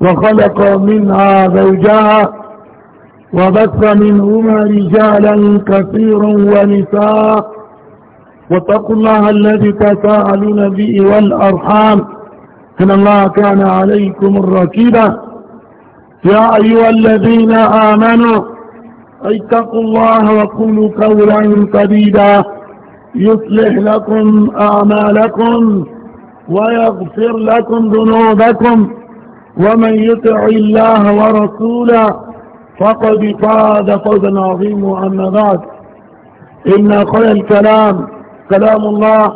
وخلق منها زوجها وبث منهما رجالا كثيرا ونساء واتقوا الله الذي تساءلون به والأرحام إن الله كان عليكم الركيبا يا أيها الذين آمنوا اتقوا الله وقولوا قولا سديدا يصلح لكم أعمالكم ويغفر لكم ذنوبكم ومن يطع الله ورسوله فقد فاز فوزا عظيما أما بعد إن خير الكلام كلام الله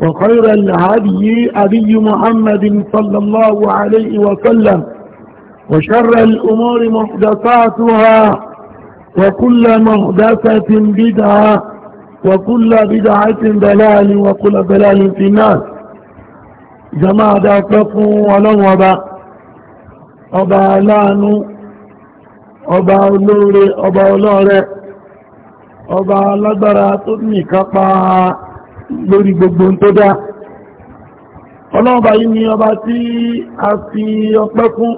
وخير الهدي أبي محمد صلى الله عليه وسلم وشر الأمور محدثاتها وكل محدثة بدعة وكل بدعة ضلال وكل ضلال في الناس جماعة ولو بقى ọba aláàánú ọba olóore ọba ọlọ́rẹ ọba alágbára tó nìkápá lórí gbogbo tó dá ọlọ́ọ̀bá yìí ni ọba tí a fi ọpẹ́ fún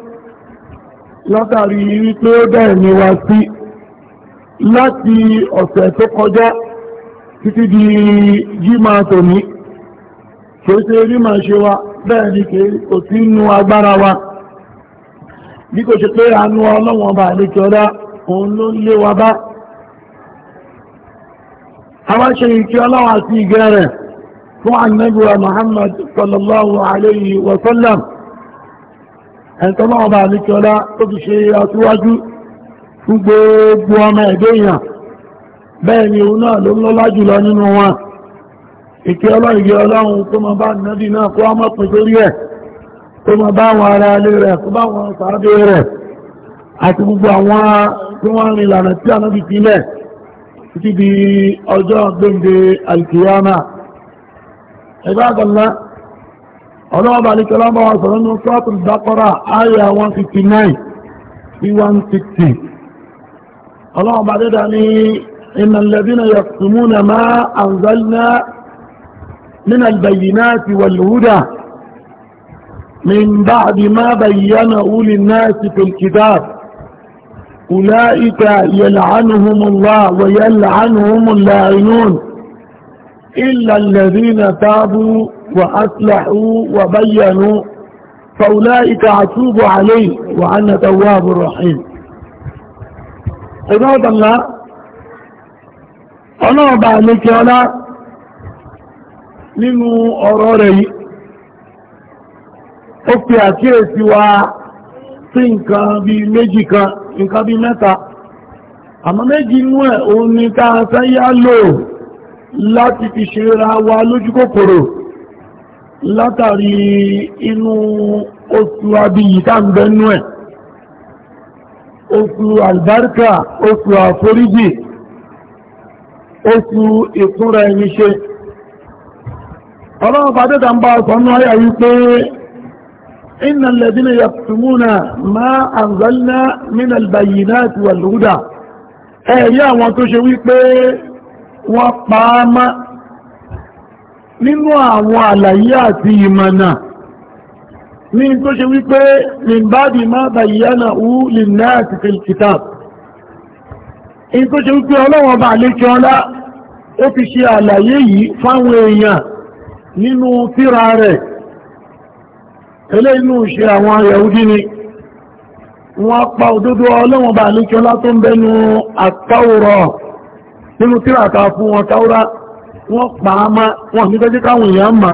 látàrí wípé ó bẹ̀rẹ̀ ni wá sí láti ọ̀sẹ̀ tó kọjá títí di jíma tòní kìí ṣe rí màá ṣe wa bẹ́ẹ̀ ni kìí kò sí inú agbára wa bí kò ṣe pé àánú ọlọ́wọ́n bá àlejò ọ̀dá òun ló ń lé wa bá àwọn ṣe ìkí ọlọ́wọ́ àti ìgẹ́ rẹ̀ fún annabuwa Muhammad sallallahu alayhi wa sallam ẹ̀ntọ́lọ́wọ́ bá àlejò ọ̀dá tó fi ṣe àtúwájú fún gbogbo ọmọ ẹ̀dẹ́ èèyàn bẹ́ẹ̀ ni òun náà ló ń lọ́lá jùlọ nínú wọn ìkí ọlọ́run ìgẹ́ ọlọ́run tó mọ bá nàbì náà kó ọmọ pẹ̀lú rí ẹ̀ tó máa bá wọn ara ilé rẹ̀ tó bá wọn sàábé rẹ̀ àti gbogbo àwọn tí wọ́n rìn lànà tí ànábì sílẹ̀ títí di ọjọ́ gbòǹde alkiyama ẹgbẹ́ àgbàlá ọlọ́wọ́ bá ní kọlọ́mọ́ wọn sọ̀rọ̀ ní sọ́ọ̀tún dákọ́rà ayà 159 sí 160 ọlọ́wọ́ bá dédà ní iná lẹ́bínà yàtùmúnà máa àǹzálínà nínà ìbàyìnà ti wàlúhúdà من بعد ما بينه للناس في الكتاب أولئك يلعنهم الله ويلعنهم اللاعنون إلا الذين تابوا وأصلحوا وبينوا فأولئك أتوب عليه وأنا تواب رحيم عباد الله أنا بعلك ولا nínú اراري ó pe àkíyèsí wa sí nǹkan bí méjì kan nǹkan bí mẹ́ta àmọ́ méjì inú ẹ̀ òun ni yá lò láti fi ṣe wa lójú kòkòrò látàrí inú oṣù abiyì ń bẹnú ẹ̀ oṣù albarka oṣù àforíjì oṣù ìkúnra ẹni ọlọ́run bá ń bá إن الذين يكتمون ما أنزلنا من البينات والهدى ẹ̀rí àwọn tó ṣe wípé wọ́n pa á má nínú àwọn àlàyé àti ìmọ̀nà ní tó ṣe wípé lìmbádì má bàyíyánà ú lìnà àti kìtà in tó ṣe wípé ọlọ́wọ́n bá lè kí ọlá ó fi ṣe àlàyé yìí fáwọn èèyàn nínú tírà rẹ̀ ilé inú ṣe àwọn yahudi ni wọ́n pa òdodo ọlọ́wọ́n bá lékẹ́ látó ń bẹnu àtàwòrọ̀ nínú tíràtà fún wọn táwòrá wọ́n pa á má wọ́n ní tẹ́jẹ́ káwọn èèyàn mà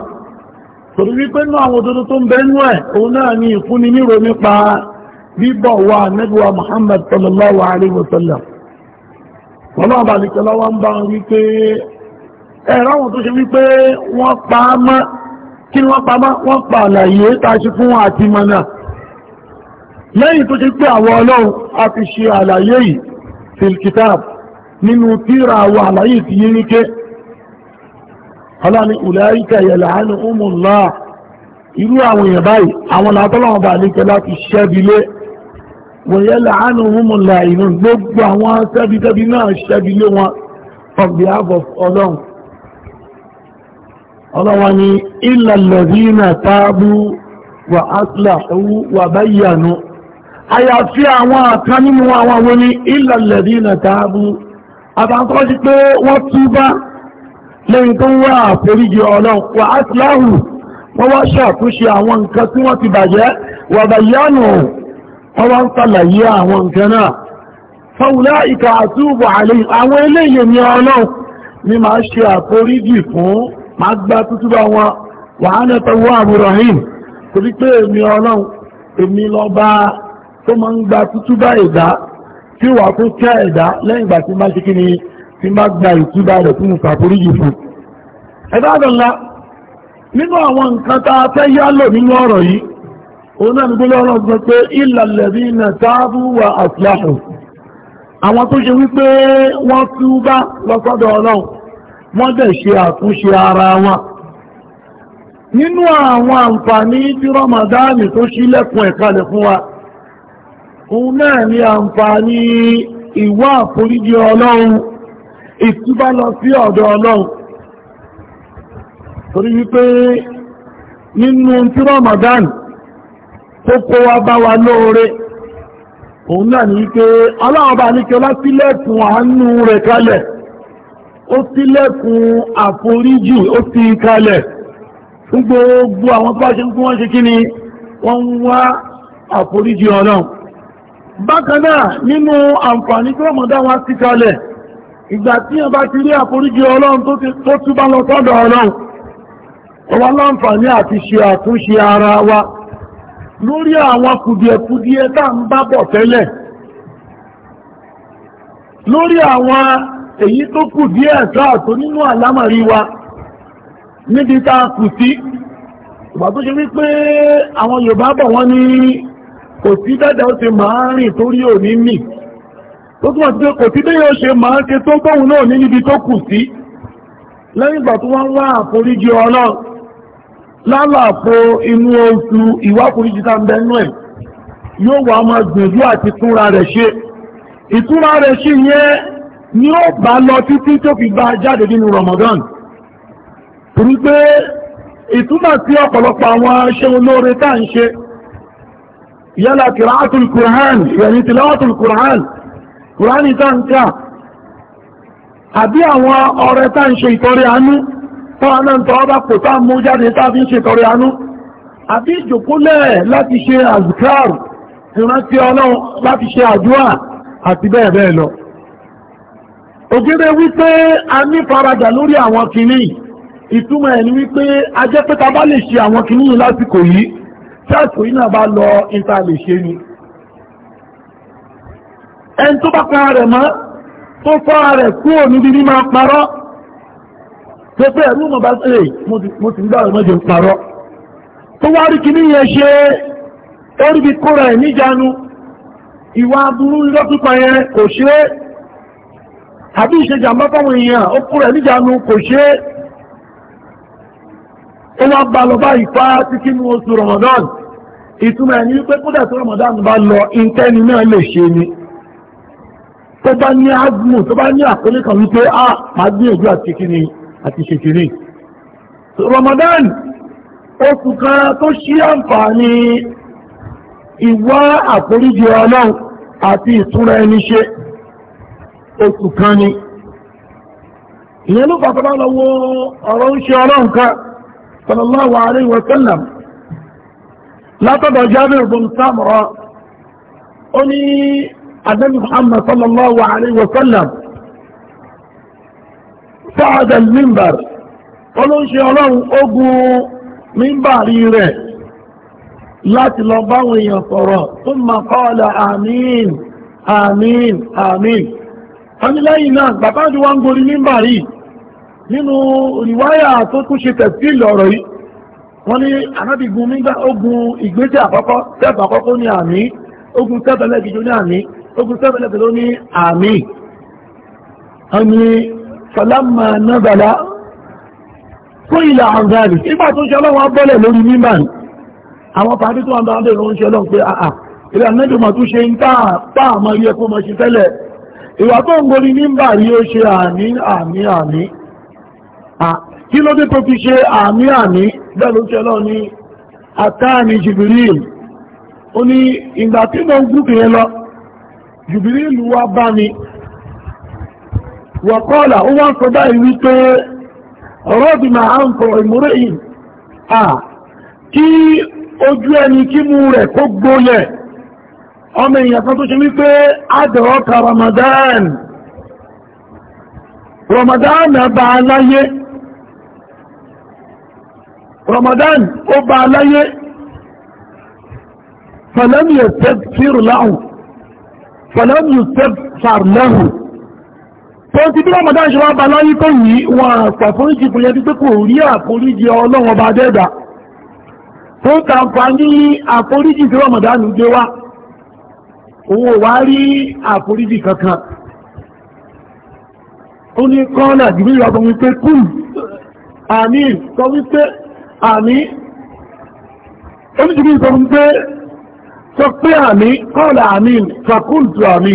torí wípé nú àwọn òdodo tó ń bẹnu ẹ̀ òun náà ni ìfúnni nírò nípa bíbọ̀ wa nẹ́bíwa Muhammad sallallahu alaihi wasallam kí wọ́n pa wọ́n pa àlàyé tàṣí fún àti mọ̀nà lẹ́yìn tó ṣe pé àwọn ọlọ́run a fi ṣe àlàyé yìí filkitab nínú tíra àwọn àlàyé ti yí ní ké aláni ulaika yal'anu umullah irú àwọn èèyàn báyìí àwọn látọ́lọ́wọ́n bá níkẹ láti ọlọ́wọ́ ni ìlàlọ̀dínà tábú wà áṣìláhú wà báyìyànú àyàfí àwọn àkán nínú àwọn àwọn ní ìlàlọ̀dínà tábú àbáńkọ́ sí pé wọ́n túbá lẹ́yìn tó wá àforíjì ọlọ́run wà áṣìláhù wọ́n wá ṣàtúnṣe àwọn nǹkan wọ́n wá ṣe àforíjì máa gba tútúbà wọn wà á nẹ́tọ̀wọ́ àbúrọ̀hìn torí pé èmi ọlọ́run èmi lọ bá tó máa ń gba tútúbà ẹ̀dá tí wà tó kẹ́ ẹ̀dá lẹ́yìn ìgbà tí máa ṣe kí ni tí máa gba ìtúbà rẹ̀ fún ìfàforíjì fún ẹ̀dá àdọ̀lá nínú àwọn nǹkan tá a fẹ́ yálò nínú ọ̀rọ̀ yìí òun náà nígbélé ọ̀rọ̀ sọ pé ìlàlẹ̀bí na táàbù wà àfíàṣù àwọn tó ṣe wípé wọ́n túbá lọ sọ́dọ̀ ọlọ́run wọ́n dẹ̀ ṣe àtúnṣe ara wọn nínú àwọn àǹfààní tí ramadani tó ṣílẹ̀kùn ẹ̀kalẹ̀ fún wa òun náà ni àǹfààní ìwá àforíjì ọlọ́run ìtúbá lọ sí ọ̀dọ̀ ọlọ́run torí wípé nínú tí tó kó bá wa lóore òun náà ó tilẹ̀kùn àforíjì ó ti kalẹ̀ fún gbogbo àwọn tó ṣe ń kún wọ́n ṣe kí ni wọ́n ń wá àforíjì ọlọ́run bákan náà nínú àǹfààní tí ọmọdá wá sí kalẹ̀ ìgbà tí wọ́n bá ti rí àforíjì ọlọ́run tó túbá lọ sọ́dọ̀ ọlọ́run wa èyí tó kù díẹ̀ sáàtò nínú àlámàrí wa níbi tá a kù sí ìgbà tó ṣe wípé àwọn Yorùbá bọ̀ wọ́n ní kò sí dẹ́dẹ̀ ó ṣe máa rìn torí òní mì tó túnmọ̀ sí pé kò sí dẹ́yẹ̀ ó ṣe máa ṣe tó tóun náà ní níbi tó kù sí lẹ́yìn ìgbà tó wọ́n wá àforíjì Ọlọ́run lálàpọ̀ inú oṣù ìwáforíjì tá ń bẹ́nu yóò wá máa gbìyànjú àti túnra rẹ̀ ṣe ìtúnra rẹ̀ ṣe yẹn ni ó bá lọ títí tó fi bá jáde nínú Ramadan torí pé ìtúmọ̀ sí ọ̀pọ̀lọpọ̀ àwọn ṣe olóore tá ń ṣe yálà kìràátùl kùrán ìrìn tìlọ́wọ́tùl kùrán kùránì tá ń ká àbí àwọn ọrẹ tá ń ṣe ìtọrẹ àánú tọ́wọ́ náà tọ́wọ́ bá kò tá mú jáde tá fi ń ṣe ìtọrẹ àánú àbí ìjòkólẹ̀ láti ṣe azkar ìrántí ọlọ́run láti ṣe àdúrà àti bẹ́ẹ̀ bẹ́ẹ̀ lọ ògèrè wípé a ní faradà lórí àwọn kìíní ìtumọ̀ ẹ̀ ni wípé a jẹ́ pé ta bá lè ṣe àwọn kìíní yìí lásìkò yìí tí àsìkò yìí náà bá lọ ìta lè ṣe ni ẹni tó bá para rẹ̀ mọ́ tó fọ́ra rẹ̀ kúrò níbi ní máa parọ́ tó pé ẹ̀rú mọ̀ bá ṣe mo sì ń gbà rẹ̀ mọ́jọ parọ́ tó wá rí kìíní yẹn ṣe oríbi kóra ẹ̀ níjanu ìwà aburú lọ́túpa yẹn kò ṣe àbí ìṣèjàmbá fáwọn èèyàn ó kúrẹ̀ níjànú kò ṣe ó wá bá lọ bá ìfá Ramadan ìtumọ̀ ẹ̀ ní kódà Ramadan bá lọ ìtẹ́ni náà lè ṣe ni tó bá ní azmu tó bá ní àkọlé kan wípé a ah, máa àti kíni àti Ramadan oṣù kan tó ṣí àǹfààní ìwá àforíjì Ọlọ́run àti ìtura ẹni ṣe oṣù kan ni ìyẹn ló fàtọ́ bá lọ wo ọ̀rọ̀ ń ṣe ọlọ́run kan sallallahu alaihi wa sallam látọ̀dọ̀ Jabir bin Samura ó ní Ànábì Muhammad sallallahu alaihi wa sallam sa'ada al-minbar olóńṣe ọlọ́run ogun mímbàrí rẹ̀ láti lọ báwọn èèyàn sọ̀rọ̀ thumma qala àmín àmín àmín fámiláyìn náà bàbá àti wọ́n ń gorí nígbà rí nínú rìwáyà tó tún ṣe tẹ̀sílì ọ̀rọ̀ yìí wọ́n ní anábìgun nígbà ogun ìgbésẹ̀ àkọ́kọ́ tẹ́ẹ̀bù àkọ́kọ́ ní àmì ogun tẹ́ẹ̀bẹ̀lẹ́gbẹ̀jọ ní àmì ogun tẹ́ẹ̀bẹ̀lẹ́gbẹ̀jọ ní àmì ẹni fàlámà nábàlá fún ilẹ̀ àǹdáàlì nígbà tó ṣe ọlọ́wọ́ bọ́lẹ̀ lórí mímà ní àwọn fàájú tó wà ń bá ń bẹ̀rẹ̀ oúnjẹ lọ́n pé ilẹ̀ àmẹ́jọ mà tún ṣe ń táà táà mọ́ ilé ẹkọ́ ṣe tẹ́lẹ̀ ìwà tó ń gorí nígbà rí ó ṣe àmì àmì àmì kí ló dé tó fi ṣe àmì àmì bẹ́ẹ̀ ló ṣẹlọ́ ní àkáàní Jibril ó ní ìgbà tí mo ń gúkì yẹn lọ Jibril wá bá mi wọ̀kọ́ọ̀là ó wá sọ báyìí wípé ọ̀rọ̀ bí máa ń kọ̀ ìmúrẹ́ kí ojú ẹni kí mú rẹ̀ kó gbólẹ̀ ọmọ èèyàn kan tó ṣe wípé àdọ̀ọ́ka Ramadan Ramadan bá aláyé Ramadan ó bá aláyé fàlẹ́mì ẹ̀sẹ̀fìr láhùn fàlẹ́mì ẹ̀sẹ̀fìr láhùn tó ti bí Ramadan ṣe wá bá aláyé tó yìí wọn àpà fún ìjìkúnyẹ́ pípé kò rí àforíjì ọlọ́wọ́n bá dẹ́dà tó tàǹfà ní àforíjì tí Ramadan gbé wá òun ò wá rí àforíjì kankan ó ní kọ́nà jìbìlì ọgbọ̀n wípé kùn àmì sọ wípé àmì oníjìbìlì sọ wípé sọ pé àmì kọ́nà àmì fàkúntù àmì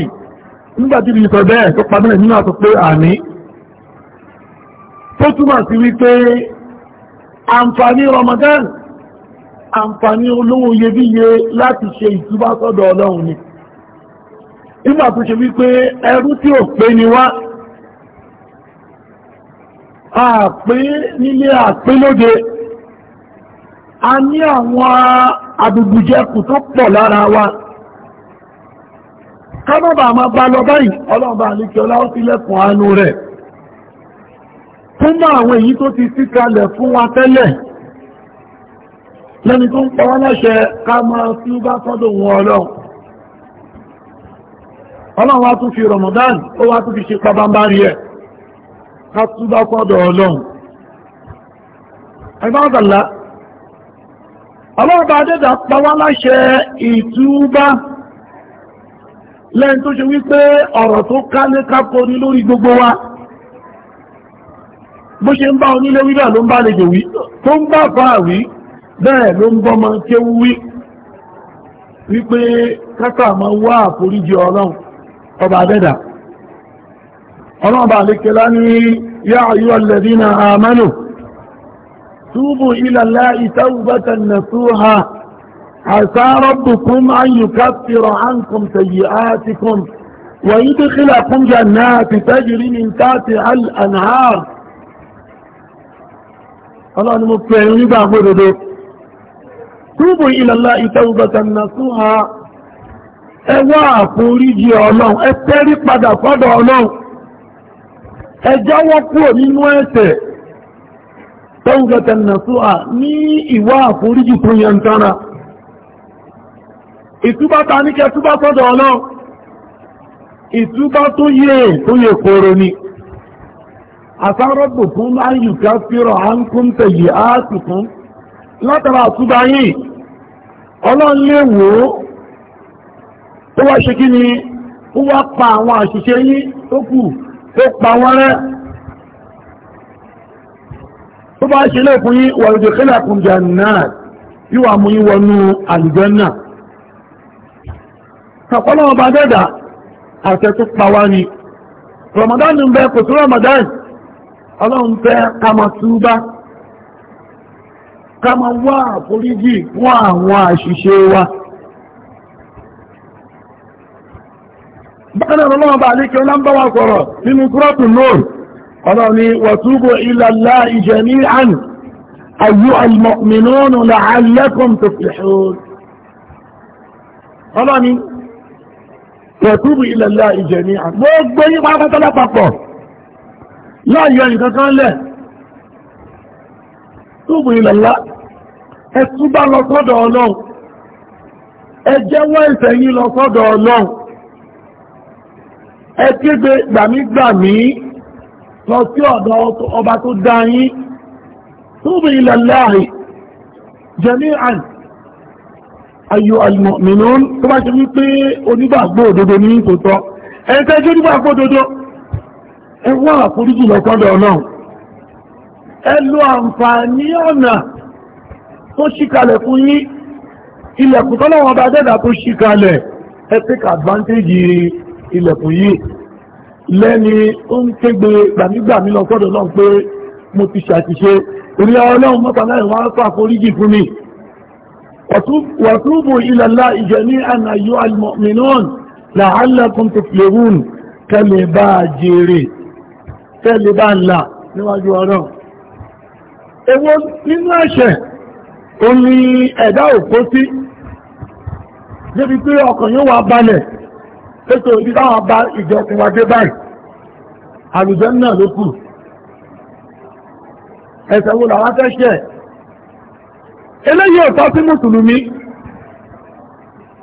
nígbàtí ìlú sọ bẹ́ẹ̀ tó pàdánù nínú àtọ́ pé àmì tó túmọ̀ sí wípé àǹfààní Ramadan àǹfààní olówó iyebíye láti ṣe ìtúbá sọ́dọ̀ Ọlọ́run ni nígbà tó ṣe wípé ẹrú tí ò pé ni wá àpé nílé àpé lóde a ní àwọn àdùgbùjẹkù tó pọ̀ lára wa kábàbà máa bá lọ báyìí ọlọ́ọ̀bà àlékẹ́ ọláwọ́ sí lẹ́kùn àánú rẹ̀ fún mọ́ àwọn èyí tó ti síkalẹ̀ fún wa tẹ́lẹ̀ lẹ́ni tó ń pọ̀ wọ́n láṣẹ ká máa fi bá sọ́dọ̀ wọn ọlọ́run ọlọ́run wá tún fi Ramadan ó wá tún fi ṣe pabambari ẹ̀ ká tún bá pọ́dọ̀ ọlọ́run ẹgbọ́nbàlá ọlọ́run bá dẹ́dà pàwá láṣẹ ìtúbá lẹ́yìn tó ṣe wípé ọ̀rọ̀ tó kálé kápọ̀ ní lórí gbogbo wa bó ṣe ń bá onílé wíbẹ̀ ló ń bá lejò wí tó ń bá bá wí bẹ́ẹ̀ ló ń bọ́mọ kéwú wí wípé kákà máa wá àforíjì ọlọ́run وبعدها ورعب بعد كلامه يا أيها الذين آمنوا توبوا إلى الله توبة نسوها عسى ربكم أن يكفر عنكم سيئاتكم ويدخلكم جنات تجري من تحت الأنهار الله المبتعين يبعبوا توبوا إلى الله توبة نسوها ẹ wá àforíjì ọlọ́run ẹ tẹ́rí padà sọ́dọ̀ ọlọ́run ẹ jáwọ́ kúrò nínú ẹ̀ṣẹ̀ tọ́ǹgẹ̀tẹ̀ ní ìwá àforíjì tó yẹn ní kẹ túbá sọ́dọ̀ ọlọ́run ìtúbá tó yẹ tó yẹ kóró ni àsárọ́bù fún láyùká fírọ̀ fún látara àtúbá yìí tó wá ṣe kí ni ó wá pa àwọn àṣìṣe yín tó kù tó pa wọ́n rẹ́ tó bá ṣe lẹ́kùn yín wà ọba dẹ́dà tó ni Ramadan ń bẹ kò Ramadan ọlọ́run fẹ́ ká máa túbá ká máa àwọn àṣìṣe wa. bákanáà ọlọ́wọ́ bá lékẹ́ ọlá ń bá wa sọ̀rọ̀ nínú túrọ́tù nóòrù ọlọ́ni wàtúbù ilàlá ìjẹ̀míhàn ayú alìmọ̀mìnónù làálẹ́kùn tó fi ṣòro ọlọ́ni wàtúbù ilàlá ìjẹ̀míhàn gbogbo yí pátápátá papọ̀ láàyò ẹnìkankan lẹ̀ túbù ilàlá ẹ túbà lọ sọ́dọ̀ ọlọ́run ẹ jẹ́wọ́ lọ sọ́dọ̀ ọlọ́run ẹ kéde gbàmígbàmí lọ sí ọ̀dọ̀ ọba tó dá yín túbú ilẹ̀ láàrin jami'an ayu al-mu'minun tó bá ṣe wípé onígbàgbọ́ òdodo ní tòótọ́ ẹ tẹ́jú onígbàgbọ́ òdodo ẹ wá àforíjì lọ́kọ́dọ̀ náà ẹ lo àǹfààní ọ̀nà tó ṣíkalẹ̀ fún yín ilẹ̀kùn tọ́lọ́wọ́n bá dẹ́dà tó ṣíkalẹ̀ ẹ take advantage ilẹ̀kùn yìí lẹ́ni ó ń kégbe gbàmígbàmí lọ sọ́dọ̀ náà pé mo ti ṣàtìṣe orí ọlọ́run mọ́ta láì wá fàforíjì fún mi wàtúbù ìlàlá ìjẹ̀ní ànàyò alìmọ̀mìnàn làálẹ́kùn tó fìlẹ̀rún kẹlẹ̀ bá jèrè kẹlẹ̀ bá ńlá níwájú ọlọ́run èwo nínú ẹ̀ṣẹ̀ o ní ẹ̀dá òkó sí débi pé ọkàn yóò wá balẹ̀ pẹ́tò ibi táwọn bá ìjọ fún wa dé báyìí àlùjẹ́ náà ló kù ẹ̀sẹ̀ wo làwọn fẹ́ ṣẹ̀ eléyìí ò tọ́ sí mùsùlùmí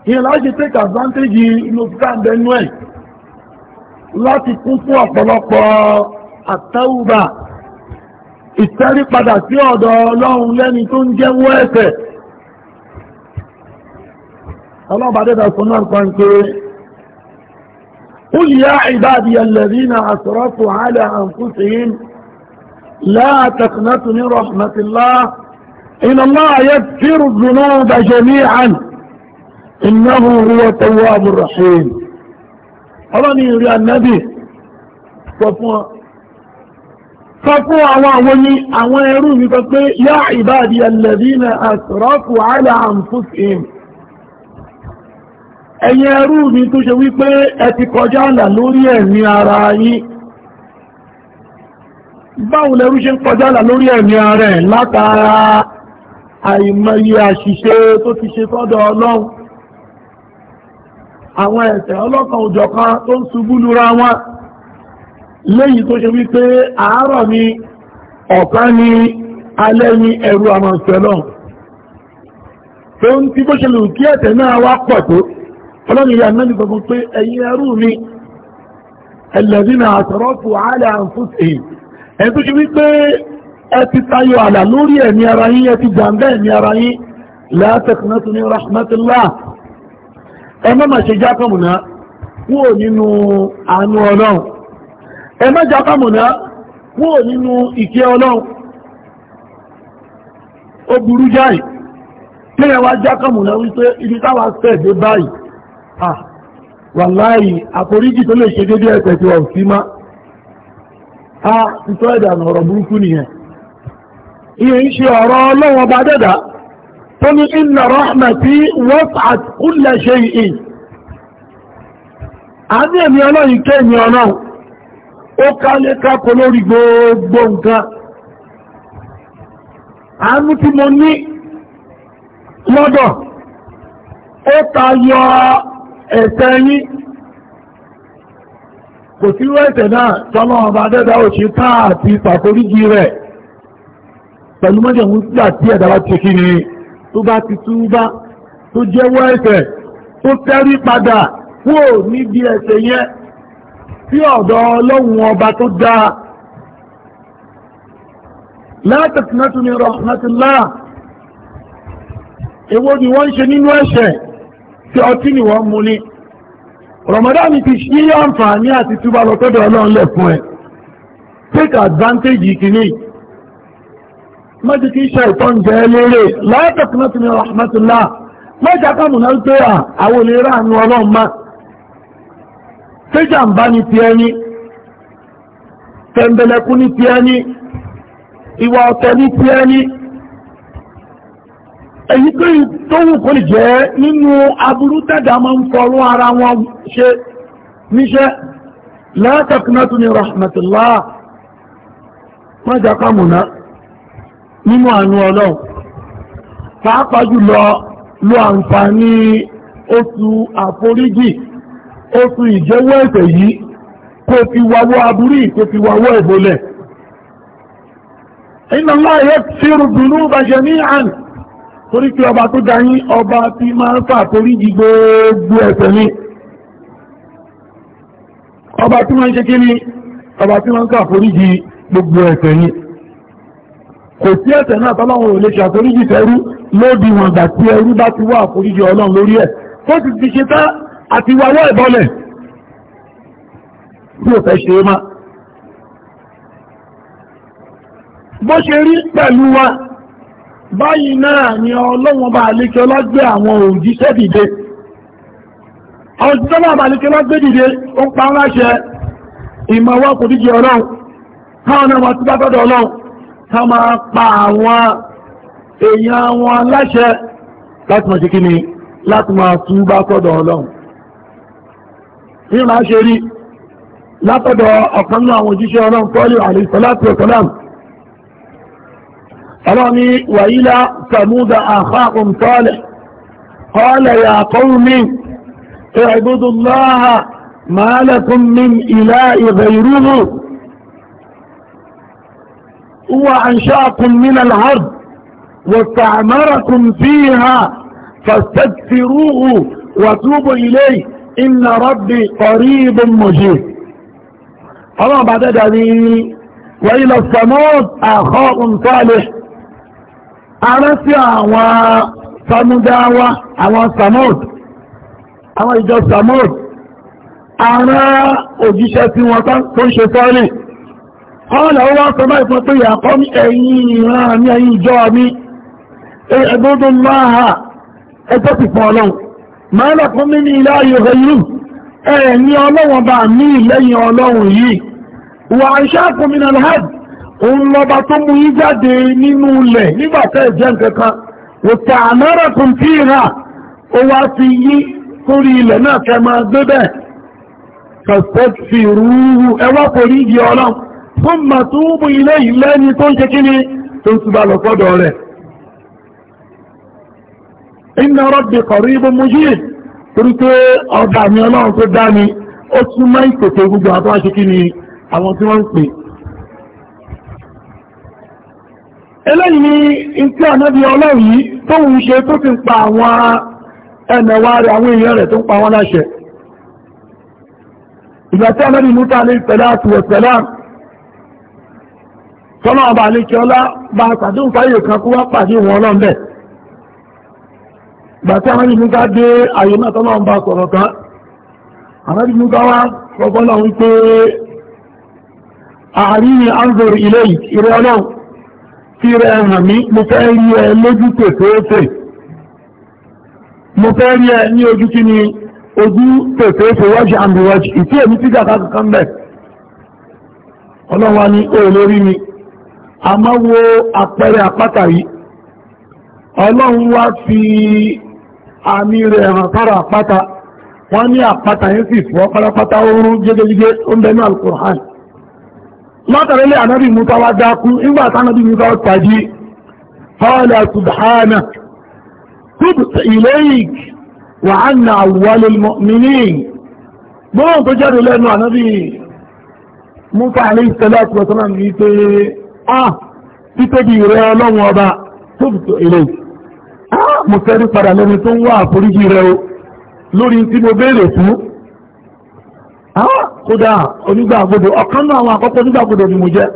ìyẹn láti take advantage inú fíkà bẹnu ẹ̀ láti kún fún ọ̀pọ̀lọpọ̀ àtẹ́wùbà ìtẹ́rí padà sí ọ̀dọ̀ ọlọ́run lẹ́ni tó ń jẹ́wọ́ ẹ̀ṣẹ̀ ọlọ́run bá dẹ́dà sọ náà kan pé قل يا عبادي الذين أسرفوا على أنفسهم لا تقنطوا من رحمة الله إن الله يغفر الذنوب جميعا إنه هو التواب الرحيم اراني يا النبي sọ fún على àwọn ní àwọn ẹrú mi sọ pé yá ìbáàdì ẹ̀yin ẹrú mi tó ṣe wípé ẹ ti kọjá àlà lórí ẹ̀mí ara yín báwo lẹrú ṣe ń kọjá àlà lórí ẹ̀mí ara ẹ̀ látara àìmọye àṣìṣe tó ti ṣe tọ́dọ̀ ọlọ́run àwọn ẹ̀ṣẹ̀ ọlọ́kan òjọ̀kan tó ń ṣubú lura wọn léyìí tó ṣe wípé àárọ̀ ni ọ̀kan ni alẹ́ ni ẹrù àmọ̀ṣẹ́lọ́n tó ń tí bó ṣe lù kí ẹ̀ṣẹ̀ náà wá pọ̀ tó ọlọ́run ìyá náà gbogbo pé ẹ̀yin ẹrú mi alladhina asrafu ala anfusihim ẹ̀ tó ṣe wípé ẹ ti tayọ àlà lórí ẹ̀mí ara yín ẹ ti jàǹbá ẹ̀mí ara yín la taqnatu min rahmatillah ẹ má má ṣe jákàmùná kúrò nínú àánú ọlọ́run ẹ má jákàmùná kúrò nínú ìkẹ́ ọlọ́run ó burú jáì kí ẹ wá jákàmùná wípé ibi táwa sẹ̀ dé báyìí wàláyì àforíjì tó lè ṣe dédé ẹ̀sẹ̀ tí wọ́n sí má a títọ́ ìdànà ọ̀rọ̀ burúkú nìyẹn ihe ń ṣe ọ̀rọ̀ ọlọ́wọ́n bá dẹ́dà tó ní inna rahmati was'at kulla shay'in àbí ẹ̀mí ọlọ́yìn kéèmí ọlọ́run ó ká lé kákó lórí gbogbo nǹkan àánú tí mo ní lọ́dọ̀ ó ẹ̀ṣẹ̀ yín kò sí ẹ̀ṣẹ̀ náà tọ́lọ́ ọba dẹ́dà òṣì káàkiri pàforíjì rẹ̀ pẹ̀lú mọ́jẹ̀mú sígbà tí ẹ̀dá bá ti kíni tó bá ti túbá tó jẹ́wọ́ ẹ̀ṣẹ̀ tó tẹ́rí padà kúrò níbi ẹ̀ṣẹ̀ yẹn sí ọ̀dọ̀ ọlọ́run ọba tó dáa látàtúnátúnirọ̀ látìláà tí ọtí ni wọ́n mú ní Ramadan ti yíyá àǹfààní àti túbà lọ́tọ́dọ̀ ọlọ́run fún ẹ take advantage ìkíní ṣe ìtọ́n jẹ́ kàmùnà àwọn ọlọ́run má tẹ́jà ń bá ní ti ẹni tẹ̀m̀bẹ̀lẹ̀kú ní ti ẹni ìwà ọ̀tẹ̀ ní ti ẹni èyí pé tó wù kó lè jẹ́ nínú aburú tẹ́dà máa ń fọrún ara wọn ṣe níṣẹ́ la taqnatu min rahmatillah pọ́jàpá mùná nínú àánú ọlọ́run pàápàá jùlọ lo àǹfààní oṣù àforíjì oṣù ìjẹ́wọ́ ẹ̀ṣẹ̀ yìí kó fi wawọ́ aburú kó fi wawọ́ ìbolẹ̀ inna Allah yaghfiru dhunuba jami'an torí pé ọba tó ga yín ọba tí máa ń fà torí di gbogbo ẹ̀ṣẹ̀ ni ọba tí máa ń ṣe kíní ọba tí máa ń kà forí di gbogbo ẹ̀ṣẹ̀ ni kò sí ẹ̀ṣẹ̀ náà tọ́lọ́wọ́n ò lè ṣàforíjì tẹ́rú lóbi wọn gbà tí ẹrú bá ti wá àforíjì ọlọ́run lórí ẹ̀ tó ti ti ṣe tá àti wàwọ́ ìbọlẹ̀ tí ò fẹ́ ṣe é má bó ṣe rí pẹ̀lú wa báyìí náà ni ọlọ́wọ́n bá alékẹ́ ọlọ́gbẹ́ àwọn òjíṣẹ́ dìde àwọn òjíṣẹ́ bá bá alékẹ́ ọlọ́gbẹ́ dìde ó pa ń láṣẹ ìmọ̀wọ́ kò díje ọlọ́run káwọn náà wọ́n ti bá tọ́dọ̀ ọlọ́run ká máa pa àwọn èèyàn wọn láṣẹ láti رمي وإلى ثمود أخاق صالح قال يا قوم اعبدوا الله ما لكم من إله غيره هو أنشأكم من الأرض واستعمركم فيها فاستكثروه وتوبوا إليه إن ربي قريب مجيب الله بعد ذلك وإلى الثمود أخاق صالح aránsí àwọn samudawa àwọn samud àwọn ìjọ samud àrán òjíṣẹ́ tí wọ́n tó ń ṣe sọ́ọ̀lì ọ̀nà ó wá sọ báyìí fún pé yàkọ́ ní ẹ̀yìn ìran ní ẹ̀yìn ìjọ mi ẹgbẹ́gbẹ́ máa ẹjọ́ ti fún ọlọ́run máa lọ fún ní ilá ayò òun lọba tó mú yí jáde nínú ilẹ̀ nígbàtẹ́ ìjẹ́ nkankan òtà àmọ́rọ̀ tó ń fi ìhà ó wá ti yí sórí ilẹ̀ náà kẹ máa gbé bẹ́ẹ̀ kọ̀sẹ́t fi rúurú ẹwà pẹ̀lú ìdí ọlọ́m fún mà tó mú ilé ìlẹ́ni tó ń ṣe kí ni tó ń túbà lọ sọ́dọ̀ rẹ̀ iná rọ́bì kọ̀rí ibú mú yìí torí pé ọ̀dà mi ọlọ́run tó dá mi ó túmọ̀ ìpèsè gbogbo àtọ́wáṣe kí ni àwọn tí wọ́n ń pè Eleyi tí ànábí ọlọ́run yìí tó ń ṣe tó pa àwọn ẹnẹ̀wà rẹ̀ àwọn èèyàn rẹ̀ tó ń pa wọ́n láṣẹ ìgbà tí múta ní ìpẹ̀lẹ̀ àtùwẹ̀pẹ̀lẹ̀ tọ́nà ọba àlékẹ́ ọlá bá pàdún fáyè kan kó wá pàdé wọn múta dé àyè náà tọ́nà ọba sọ̀rọ̀ kan múta fi rẹ hàn mí mo fẹ́ rí ẹ lójú tètè mo fẹ́ rí ẹ ní ojú kí ni ojú tètè fò wájú àmì wájú ìtí èmi tí gàkà kankan bẹ̀ ọlọ́wà ní o lórí mi a máa wo àpẹẹrẹ àpáta yìí ọlọ́run wá fi àmì rẹ̀ hàn sára àpáta wọ́n ní àpáta yẹn sì fọ́ pátápátá oorun jẹ́gẹ́jẹ́gẹ́ ó ń bẹ ní látàrílẹ̀ ànábì Musa wá dákú nígbà tánábì Musa wá tàjí fọ́ọ̀lá subhana tubta ilayk wa na awwalul mu'minin gbọ́n tó jáde lẹ́nu ànábì Musa alayhi salatu ah kódà onígbàgbọ́dọ̀ ọ̀kan náà àwọn àkọ́kọ́ onígbàgbọ́dọ̀ ni mo jẹ́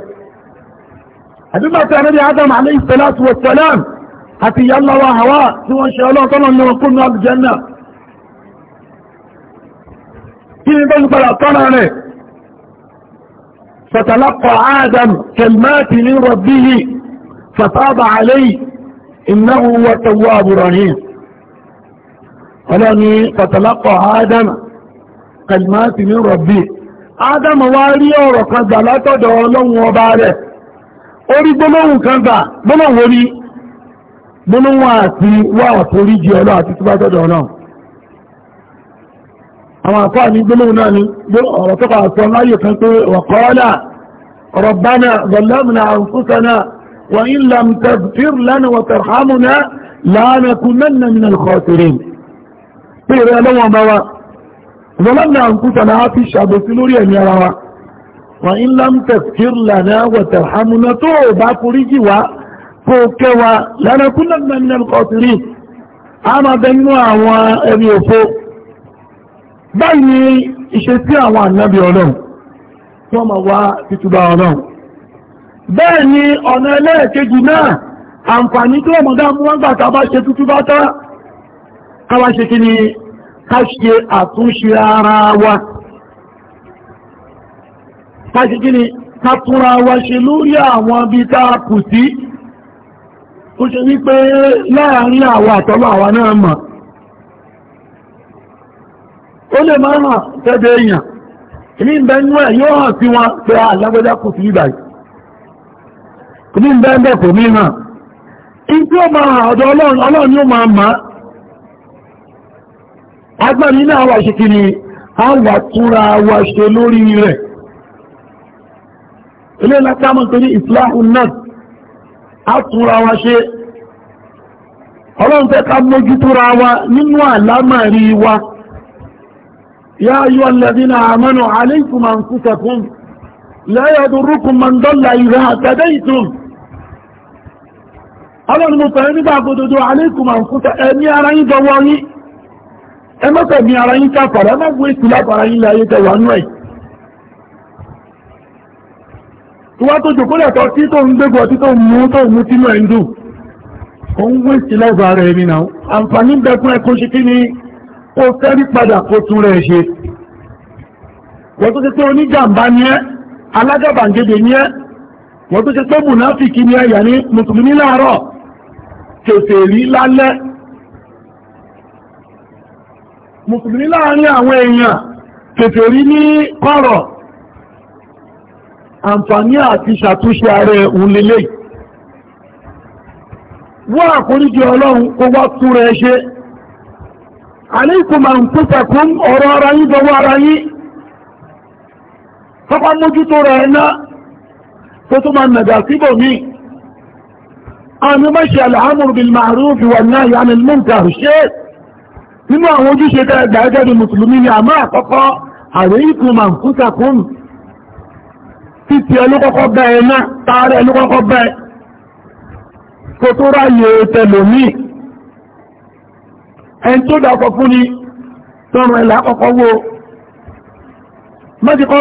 àdúgbàtí ànábì adam alayhi salatu wa salam àti ìyálawa hawa tí wọ́n ṣe ọlọ́run tọ́lọ́ ní wọn kó ní alùjẹ́nà kí ni bẹ́ẹ̀ nípa tọ́ra rẹ̀ fatalaqa adam kalimati min rabbih fataba alayhi innahu huwa tawwabu rahim ọlọ́ni fatalaqa adam kalimati ní rabbih Ádámù wá rí ọ̀rọ̀ kan gbà látọ̀dọ̀ ọlọ́run ọba rẹ̀ orí gbólóhùn kan gbà gbólóhùn orí gbólóhùn àti wà àforíjì ọlọ́ àti tí látọ̀dọ̀ ọlọ́run àwọn àfáà ní gbólóhùn náà ni ọ̀rọ̀ tó kà sọ láyé ظلمنا أنفسنا في الشعب السنوري أن يرى وإن لم تغفر لنا وترحمنا توبا فرجوا فوكوا لنكن من الخاسرين أما بيننا وأبي فوق báyìí ìṣesí àwọn ànábì ọlọ́run wọ́n ma wá títúbà ọlọ́run bẹ́ẹ̀ ni ọ̀nà ẹlẹ́ẹ̀kejì náà àǹfààní tí wọ́n mọ̀dá mú wọ́n gbà tàbá ṣe tútúbá tá káwàá bata kí ni ká ṣe àtúnṣe ara wa ká ni ká túnra wa ṣe lórí àwọn bí ká kù sí tó ṣe wípé láàrin àwọn àtọ́lọ́ àwa náà mọ̀ ó lè máa hàn tẹ́bẹ̀ èèyàn ní ìbẹ̀nú ẹ̀ yóò hàn sí wọn pé àlágbẹ́dá kù sí ní agbárí náà wà ṣe kí ni a wà túnra wà ṣe lórí rẹ̀ ilé látámọ̀ tó ní islahun náà a túnra wà ṣe ọlọ́run fẹ́ ká mójútúra wa nínú àlámàrí wa ya ayyuha alladhina amanu alaykum anfusakum la yadurrukum man dalla idha ihtadaytum ọlọ́run mo fẹ́ nígbà gbogbo alaykum anfusakum ẹ̀mí ara yín dọwọ́ yín ẹ mọ́sẹ̀ ní ara yín káfàrà ẹ mọ́gbọ́n èsì lápara yín láyé tẹwà nú ẹ̀ tó wá tó jòkólẹ̀ tọ́ tí tó ń gbégbọ́ tí tó ń mú tó ń mú tínú ẹ̀ ń dùn ó ń wé sí lọ́gbà rẹ̀ ní náà àǹfààní ń bẹ ṣe kí ni kó fẹ́rí padà kó tún rẹ̀ ṣe wọ́n tó ṣe pé oníjàmbá ni ẹ́ alágàbàǹgẹ̀dẹ̀ ni ẹ́ wọ́n tó ṣe pé mùnáfìkì ni ẹ̀yà ní mùsùlùmí láàárọ̀ kèfèrí lálẹ́ mùsùlùmí láàrin àwọn èèyàn kèfèrí ní kọ̀rọ̀ àǹfààní àti ṣàtúnṣe ààrẹ òun lélẹ̀ wọ́n àkóríjì ọlọ́run kó wá túnra ẹ ṣe àlékùnmà ń pẹ́sẹ̀kún ọ̀rọ̀ ara yín dọwọ́ ara yín pápá mójútó rẹ̀ ẹ̀ná tó tó máa nàgbà síbò mí àmì mọ́ṣẹ́ al-amru bil ma'ruf wan nahy 'anil ṣe nínú àwọn ojúṣe dáadáa gẹ́gẹ́ bí mùsùlùmí ni àmọ́ àkọ́kọ́ àríyìnkù ma ń kúta kún títí ẹlúkọ́kọ́ bẹ́ ẹ náà tààrẹ ẹlúkọ́kọ́ bẹ́ ẹ kò tó ráyè tẹlòmí ẹn tó dàkọ fún ni tọrọ ẹ̀là àkọ́kọ́ wo mẹ́tíkọ́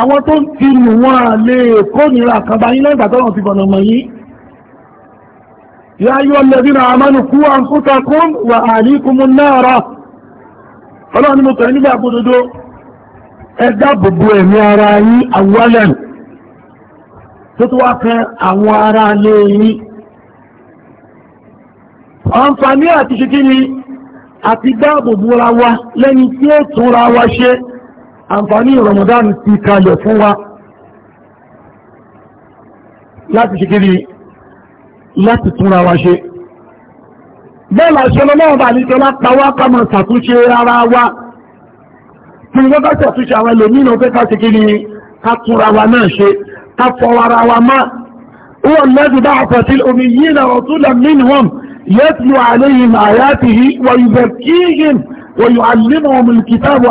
àwọn tó ń tinú wọn lè kó nira kan bá yín lẹ́gbàá tọ́lọ̀ ti bọ̀nà mọ̀ yín yá yọ lẹ́bí na àmánù kú à ń kúta kún wà àníkún mú náàrà ọlọ́run ni mo pẹ̀lú nígbà gbódodo ẹ dáàbòbò ẹ̀mí ara yín àwọlẹ̀n tó tó wá ni àti dáàbòbò ra wa lẹ́ni tí ó àǹfààní Ramadan ti kalẹ̀ fún wa láti ṣe kiri láti túnra wa ṣe bẹ́ẹ̀lá ṣọlọ náà bá ní tọ́lá pàwọ́ kàmà ṣàtúnṣe ara wa tí wọ́n bá ṣàtúnṣe àwọn ẹlòmínà pé ká ṣe kiri ká túnra wa náà ṣe ká fọwọ́ ara wa máa هو الذي بعث في الأميين رسولا منهم يتلو عليهم آياته ويزكيهم ويعلمهم الكتاب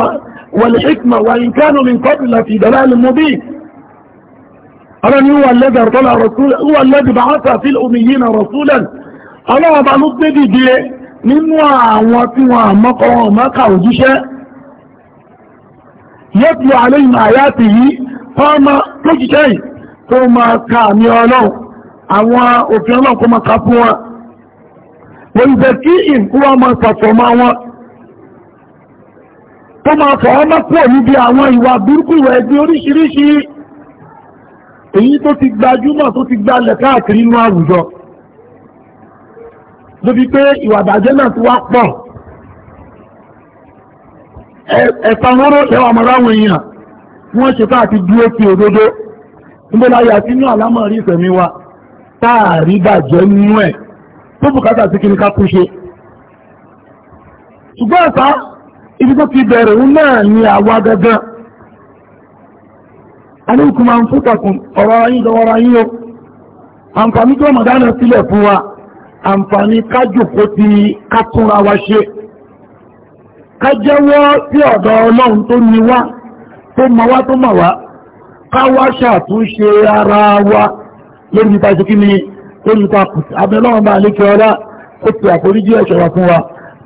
والحكمة وإن كانوا من قبل في دلال مبين ألا هو الذي ارتلع رسولا هو الذي بعث في الأميين رسولا ألا أبعى نطبي دي من وعوات وعمق ومقع وجشاء يتلو عليهم آياته فما تجشي ثم كاميالو أو أفيالو كما كفوا ويزكيهم هو ما سفرما kó máa fọ̀ ọ́ mọ́pọ̀ níbi àwọn ìwà burúkú rẹ̀ bí oríṣiríṣi èyí tó ti gbajúmọ̀ tó ti gbalẹ̀ káàkiri inú àwùjọ lóbi pé ìwà ìbàjẹ́ náà ti wá pọ̀ ẹ̀sánwóró lẹ́wà mọ́ra àwọn èèyàn wọ́n ṣe táà ti dúró sí òdodo nígbàláyà sí inú àlámọ̀rí ìfẹ̀mí wa táàrí bàjẹ́ nínú ẹ̀ tó bùkátà sí kí ni ká kú ṣe ṣùgbọ́n ẹ̀sán ibi tó ti bẹ̀rẹ̀ òun náà ni àwa gangan alóòkú máa ń fúkàkùn ọ̀rọ̀ o àǹfààní tó mọ̀ dáná sílẹ̀ fún wa àǹfààní kájòkó ti kátúnra wa ṣe kájẹ́wọ́ sí ọ̀dọ̀ ọlọ́run tó ní wá tó mọ̀ wá tó mọ̀ wá wa lórí kí ni lórí abẹ́lọ́run bá lékè ọlá ó ti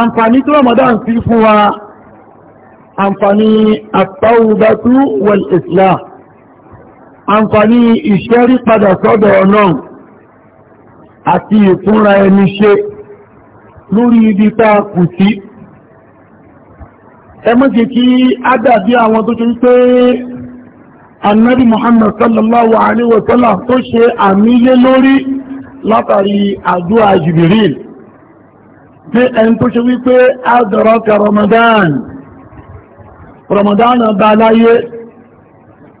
àǹfààní tí Ramadan fi fún wa àǹfààní àtàwùbátú wal islah àǹfààní ìṣẹ́rí padà sọ́dọ̀ Ọlọ́run àti ìfúnra ẹni ṣe lórí ibi tá kù sí ẹmọ́jẹ́ kí á dàbí àwọn tó ṣe pé annabi muhammad àmì lé lórí látàrí àdúrà jibril ní ẹni tó ṣe wípé adraka Ramadan Ramadan bá láyé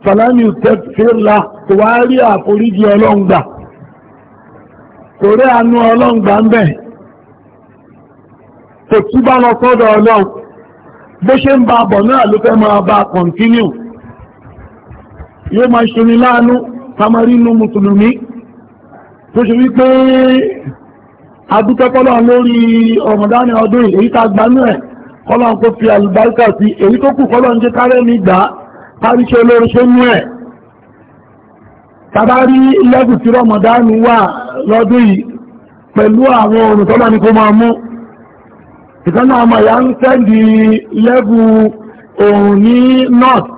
salami tẹ́fẹ́lá tó wá rí àforíjì ọlọ́ngbà kò rí àánú ọlọ́ngbà ń bẹ̀ kò túbá lọ sọ́dọ̀ ọlọ́n bó ṣe ń ba bọ̀ náà ló fẹ́ máa bá kọ̀ntínú yóò máa ṣe ní láánú tamarínú mùsùlùmí tó ṣe wípé adúpẹ́pọ́lọ́ lórí ọmọdánì ọdún èyí tá gbanú ẹ̀ kọ́lọ́n kó fi àlùbáríkà sí èyí tó kù kọ́lọ́n jẹ́ kárẹ́ ní gbà káríṣẹ́ olórin ṣe mú ẹ̀ tàbárí lẹ́bù tí rọmọdánì wà lọ́dún yìí pẹ̀lú àwọn òrùn tọ́lọ́ ni kó máa mú ìkánná ọmọ ìyá ń tẹ́ndì lẹ́bù òrùn ní north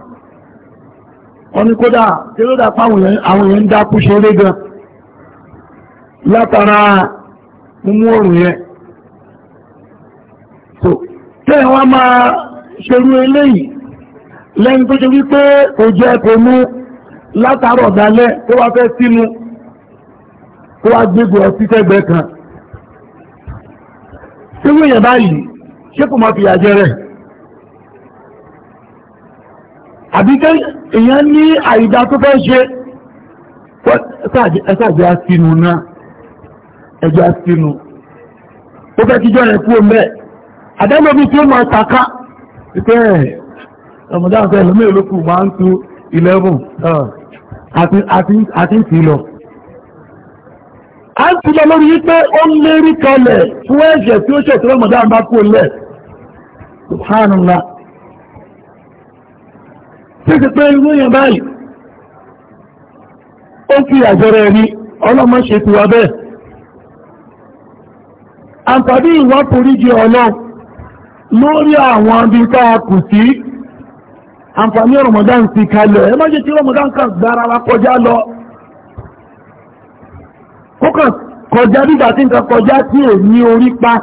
wọn kódà tí ó dà pa èèyàn ń dákú ṣeré gan látara mú òrùn yẹn so dalẹ́ tó wá fẹ́ sínú tó wá gbégbé ọtí tẹ́gbẹ́ kan irú èèyàn báyìí ṣé kò máa fi àjẹ rẹ̀ àbí tẹ́ ní àìdá tó fẹ́ ṣe sínú náà ẹjọ́ sínú ó fẹ́ kíjọ́ rẹ̀ kúrò mẹ́ ma tí ó máa tàká ìpẹ́ elu fẹ́ lómi olókù máa ń 11 àti lọ a ń ti lọ lórí wípé ó ń lérí kalẹ̀ fún ẹ̀jẹ̀ tí ó ṣẹ̀ tí ọmọdáhùn bá kúrò lẹ̀ àǹfààní ìwà foríjì ọlọ́ lórí àwọn abíká kù sí àǹfààní Ramadan sí kalẹ̀ ẹ má jẹ́ tí Ramadan kan gbára wa kọjá lọ ó kàn kọjá nígbà tí kọjá tí è ní orí pa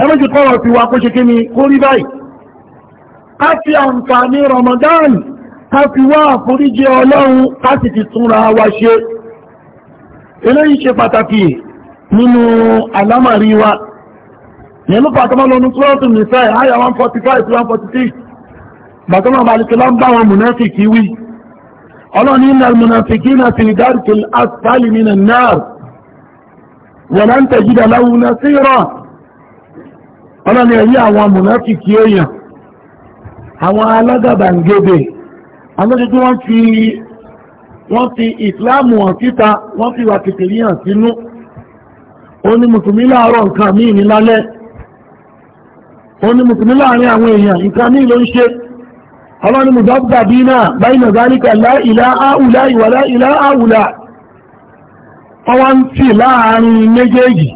ẹ má jẹ́ kọ́rọ̀ sí wa kó ṣe kó rí báyìí ká fi ká fi wá eléyìí ṣe pàtàkì nínú alámàrí wa yẹnu pàtàkì lọ́nu sọ́ọ̀tù nìfẹ́ àyà 145 146 bàtàkì àbálìkìlá ń bá wọn mùnáfìkì wí ọlọ́ni iná mùnáfìkì náà fi dárìkì asfali nínú náà wọ̀lá ń tẹ̀jìdà láwùn náà sí rọ̀ ọlọ́ni ẹ̀yí àwọn mùnáfìkì èèyàn àwọn alágàbàǹgẹ̀dẹ̀ alójútú wọ́n wọ́n fi ìsìláàmù hàn síta wọ́n fi wà kìtìrí a sínú ó ní mùsùlùmí láàárọ̀ nǹkan míì ní lálẹ́ ó ní mùsùlùmí láàárín àwọn èèyàn nǹkan míì ló ń ṣe ọlọ́ni mùsùlùmí bí náà báyìí nà záríkà láìlá áwùlá ìwàlá ìlá áwùlá ọwá ń tì láàárín méjèèjì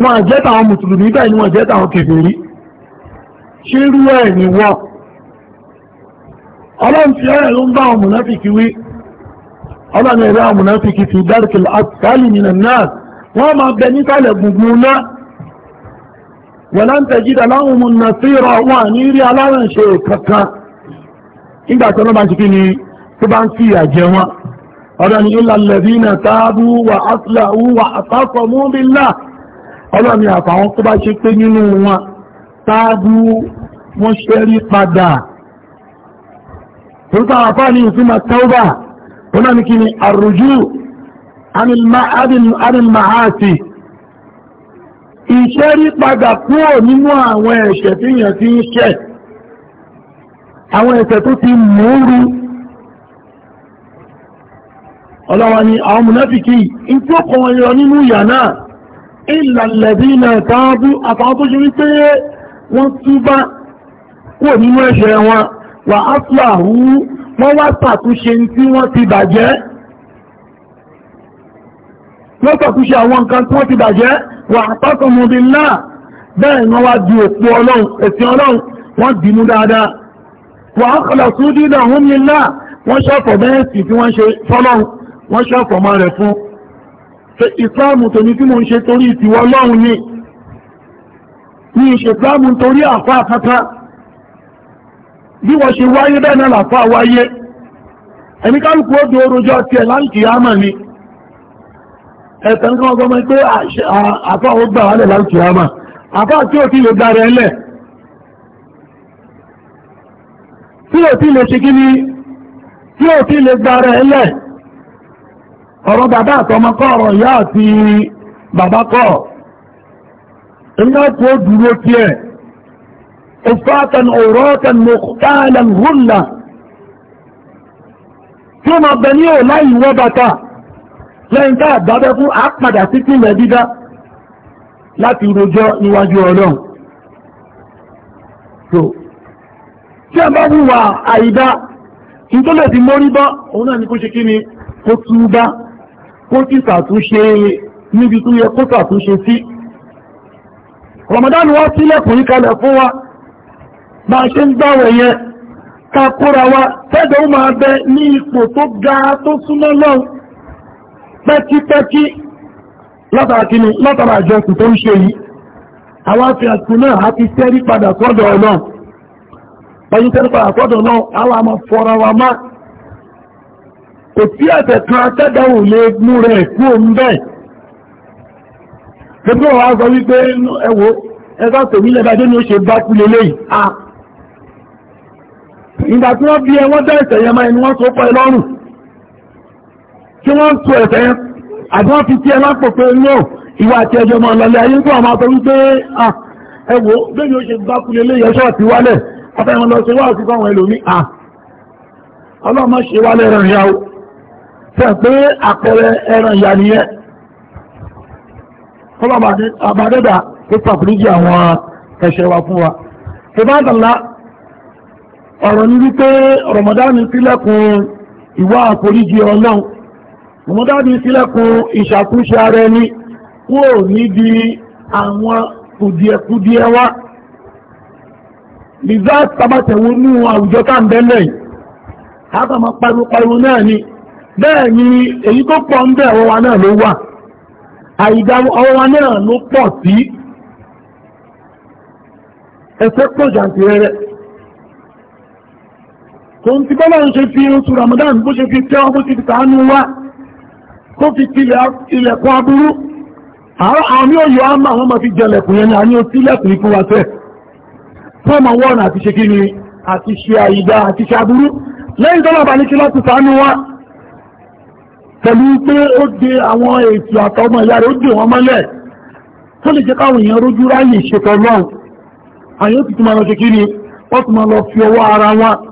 wọn àjẹ́ta àwọn mùsùlùmí bẹ́ẹ̀ ni wọn àjẹ́ta àwọn kèfèrí ṣírú ẹ̀ ni wọ́n ọlọ́run ló ń bá ọmọ ọlọ́ni ẹ̀rọ àmùnáfíkì fi dárkìlá àtàlì nínú náà wọ́n máa bẹ níkàlẹ̀ gbùngbùn náà wọ́n láń tẹ̀jídà láwọn ọmọ náà sí ìrọ̀ wọn ní rí alárànṣe kankan nígbà tí wọ́n bá ti kí ni tó bá ń fi àjẹ wọn ọlọ́ni ilà lẹ́bínà táàbù wà áṣìláwù wà àtàkọ̀ mú bílà ọlọ́ni àfàwọn tó bá ṣe pé nínú wọn táàbù wọ́n ṣẹ́rí padà tó tàwọn àfáà ní ìtumọ̀ هنا نكني الرجوع عن المعاصي iṣẹ́ rí padà kúrò nínú àwọn ẹ̀ṣẹ̀ tí yàn ti ń ṣẹ̀ àwọn ẹ̀ṣẹ̀ tó ti múrú ọlọ́wà ni àwọn mùnáfìkì in tí ó kọ wọn yọ nínú ìyà náà ìlàlẹ̀bí na ìtàábú àtàwọn tó wọ́n túbá kúrò nínú ẹ̀ṣẹ̀ wọn wà á wọ́n wá ṣàtúnṣe tí wọ́n ti bàjẹ́ wọ́n ṣàtúnṣe àwọn nǹkan tí wọ́n ti bàjẹ́ wà àtọ́kùnmù bí náà bẹ́ẹ̀ wọ́n wá di òpó ọlọ́run ẹ̀sìn ọlọ́run wọ́n dì mú dáadáa wà ákọlà tún dídà hún mi náà wọ́n ṣàfọ̀ bẹ́ẹ̀ sì tí wọ́n ṣe fọ́lọ́run wọ́n ṣàfọ̀ mọ́ rẹ̀ fún ìsìláàmù tèmi tí mo ń ṣe torí ìtìwọ́ ọlọ́run ni ní ìṣèsìláàmù torí àfáà kankan bí wọ́n ṣe wáyé bẹ́ẹ̀ náà wáyé ẹni kálùkù ó dòó rojọ́ tí ẹ̀ láǹkì àmà ni ẹ̀tàn kan ọgbọ́mọ pé àfá ó gbà wálẹ̀ láǹkì àmà àfá tí ò tí lè gbà rẹ̀ lẹ̀ tí ò tí lè ṣe kí ni tí ò tí lè gbà rẹ̀ lẹ̀ ọ̀rọ̀ bàbá àtọmọ kọ́ ọ̀rọ̀ ìyá àti bàbá kọ́ ẹni kálùkù ó dúró tí ẹ̀ حفاة عراة مختالا غلا tí ó máa bẹ ní ò láì wọ́ bàtà lẹ́yìn tá àgbàbẹ́ fún àpàdà sí pínlẹ̀ dídá láti rojọ́ níwájú ọlọ́run so tí a bá wùwà àìdá tí tó lè fi mórí bá òun náà ni kó ṣe kí ni kó túbá kó sì ṣàtúnṣe níbi tó yẹ kó ṣàtúnṣe sí bá a ṣe ń gbáwẹ̀ yẹn takúra wa ó máa bẹ ní ipò tó ga tó súnmọ́ lọ́wọ́ pẹ́kípẹ́kí látara kí ni tó ń ṣe yìí àwọn afẹ́àtì náà a ti tẹ́rí padà sọ́dọ̀ ọ̀nà pẹ̀lú tẹ́rí padà sọ́dọ̀ náà àwọn àmà fọ́ra wa má kò tí kan lè mú rẹ̀ kú òun bẹ́ẹ̀ gbogbo àwọn azọ wípé ẹwọ ẹgbà ó ṣe bá kú lélẹ́yìn ah, ìgbà tí wọ́n bí ẹ wọ́n dá ẹ̀sẹ̀ yẹn máa ẹni wọ́n tó pọ̀ ẹ lọ́rùn tí wọ́n tó ẹ̀sẹ̀ yẹn àti wọ́n fi tí ẹ lápò pé no ìwà àti ẹjọ́ máa lọlé ayé tó àwọn àtọ́ wípé ẹwò bẹ́ẹ̀ ó ṣe gbákulé lé yẹṣọ́ àti wálẹ̀ afẹ́wọn lọ ṣe wá sí fáwọn ẹlòmí à ọlọ́mọ ṣe wálẹ̀ ẹran ìyá o fẹ́ pé àpẹẹrẹ ẹran ìyá nìyẹn ọlọ́mọ àbádẹ́dà tó pàpìlíjì àwọn ẹ̀ṣẹ̀ wa fún wa ìbádàlá ọ̀rọ̀ ni wípé Ramadan sílẹ̀kùn ìwà àforíjì ọlọ́run Ramadan sílẹ̀kùn ìṣàkóso ara ẹni kúrò níbi àwọn wa lìzá tabatẹ̀wò ní àwùjọ káàmbẹ́lẹ̀ pariwo ni bẹ́ẹ̀ ni èyí tó pọ̀ ń bẹ̀ ọwọ́ wa náà ló wà àìdá ọwọ́ wa náà ló pọ̀ tó ń ti bọ́lá ń ṣe fi oṣù Ramadan bó ṣe fi tẹ́ ọ bó ṣe fi tàánú wá tó fi tilẹ̀kùn aburú àmì òyò àmà àwọn ọmọ fi jẹlẹ̀kùn yẹn ni àní ó tilẹ̀kùn ikú wa tẹ́ fọ́ọ̀mà wọ́n àti ṣe kí ni àti ṣe àyídá àti ṣe aburú lẹ́yìn tọ́lá bá ní kí láti tàánú wá pẹ̀lú pé ó de àwọn èsì àtọmọ ìyá rẹ̀ ó dè wọn mọ́lẹ̀ tó lè jẹ́ káwọn èèyàn rójú ráyè ṣètọ́ náà àyè ó ti tún máa lọ ṣe kí ni wọ́n tún máa lọ fi ọwọ́ ara wọn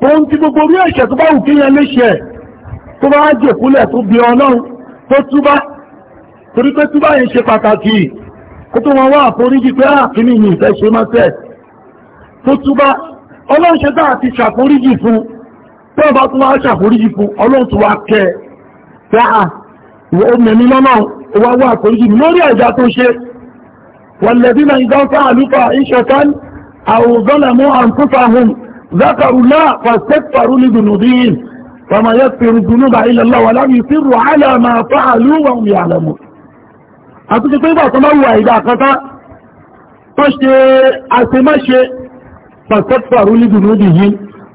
tó ń ti gbogbo orí ẹ̀ṣẹ̀ tó bá wù kí yẹn léṣẹ̀ tó bá jòkúlẹ̀ tó bí ọlọ́run tó túbá torí pé túbá yẹn ṣe pàtàkì kó tó wọn wá àforíjì pé àkíní ah, yìí fẹ́ ṣe mọ́sẹ̀ tó túbá ọlọ́run ṣe dáa ti ṣàforíjì fún tó bá tún wá ṣàforíjì fún ọlọ́run tó wá kẹ dáa ah, ìwọ mẹ̀mí lọ́nà wá wá àforíjì lórí ẹ̀já tó ṣe wọ̀lẹ́bí náà ìdánfà àlùfà ìṣẹ̀kan àwòzọ́lẹ̀mú àǹkúfà hùn ذكروا الله فاستكفروا لذنوبهم فما يكفر الذنوب إلا الله ولم يصروا على ما فعلوا وهم يعلمون àtúnṣe pé ìbàtàn máa wà ìdá àkọta tó ṣe àṣemáṣe pàṣẹ́pàrú lídùnú dì yìí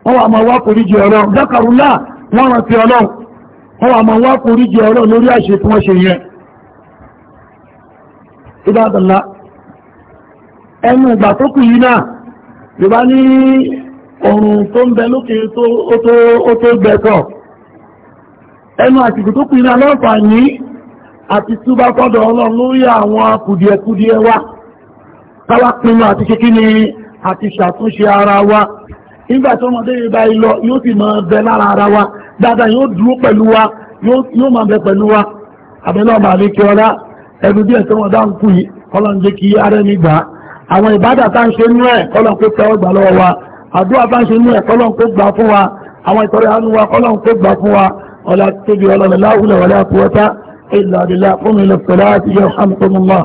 wọ́n wà máa wá foríjì ọ̀rọ̀ dákàrúlá wọ́n rán ti ọlọ́run wọ́n wà máa wá foríjì ọ̀rọ̀ lórí àṣẹ tí wọ́n ṣe yẹn ìbádànlá ẹnu ìgbà tó kù yìí náà yorùbá ní ọ̀run tó ń bẹ lókè ó tó gbẹ̀kọ̀ ẹnu àsìkò tó pinnu aláǹfààní àti túbá kọ́dọ̀ ọlọ́run lórí àwọn kùdìẹ̀kùdìẹ̀ wa káwá pinnu àti ati kíni àti ṣàtúnṣe ara wa nígbà ọmọdé yìí bá lọ yóò sì máa ara wa dáadáa yóò dúró pẹ̀lú wa yóò máa bẹ pẹ̀lú wa àbẹ̀lẹ́ ọmọ àlékè ọlá ẹnu bí ẹ̀sẹ̀ wọn dá ń kú ara gbà àwọn ń ṣe nú ẹ̀ kọ́lọ́ àdúrà bá ń ṣe ní ẹ̀kọ́lọ́n kó gbà fún wa àwọn ìtọ́rẹ àánú wa kọ́lọ́n kó gbà fún wa ọlá tóbi ọlọ́lọ́lá wùlọ̀wọ́lá kúwọ́tá ìlàdìlá fún ilẹ̀ fẹ́lá àti yẹ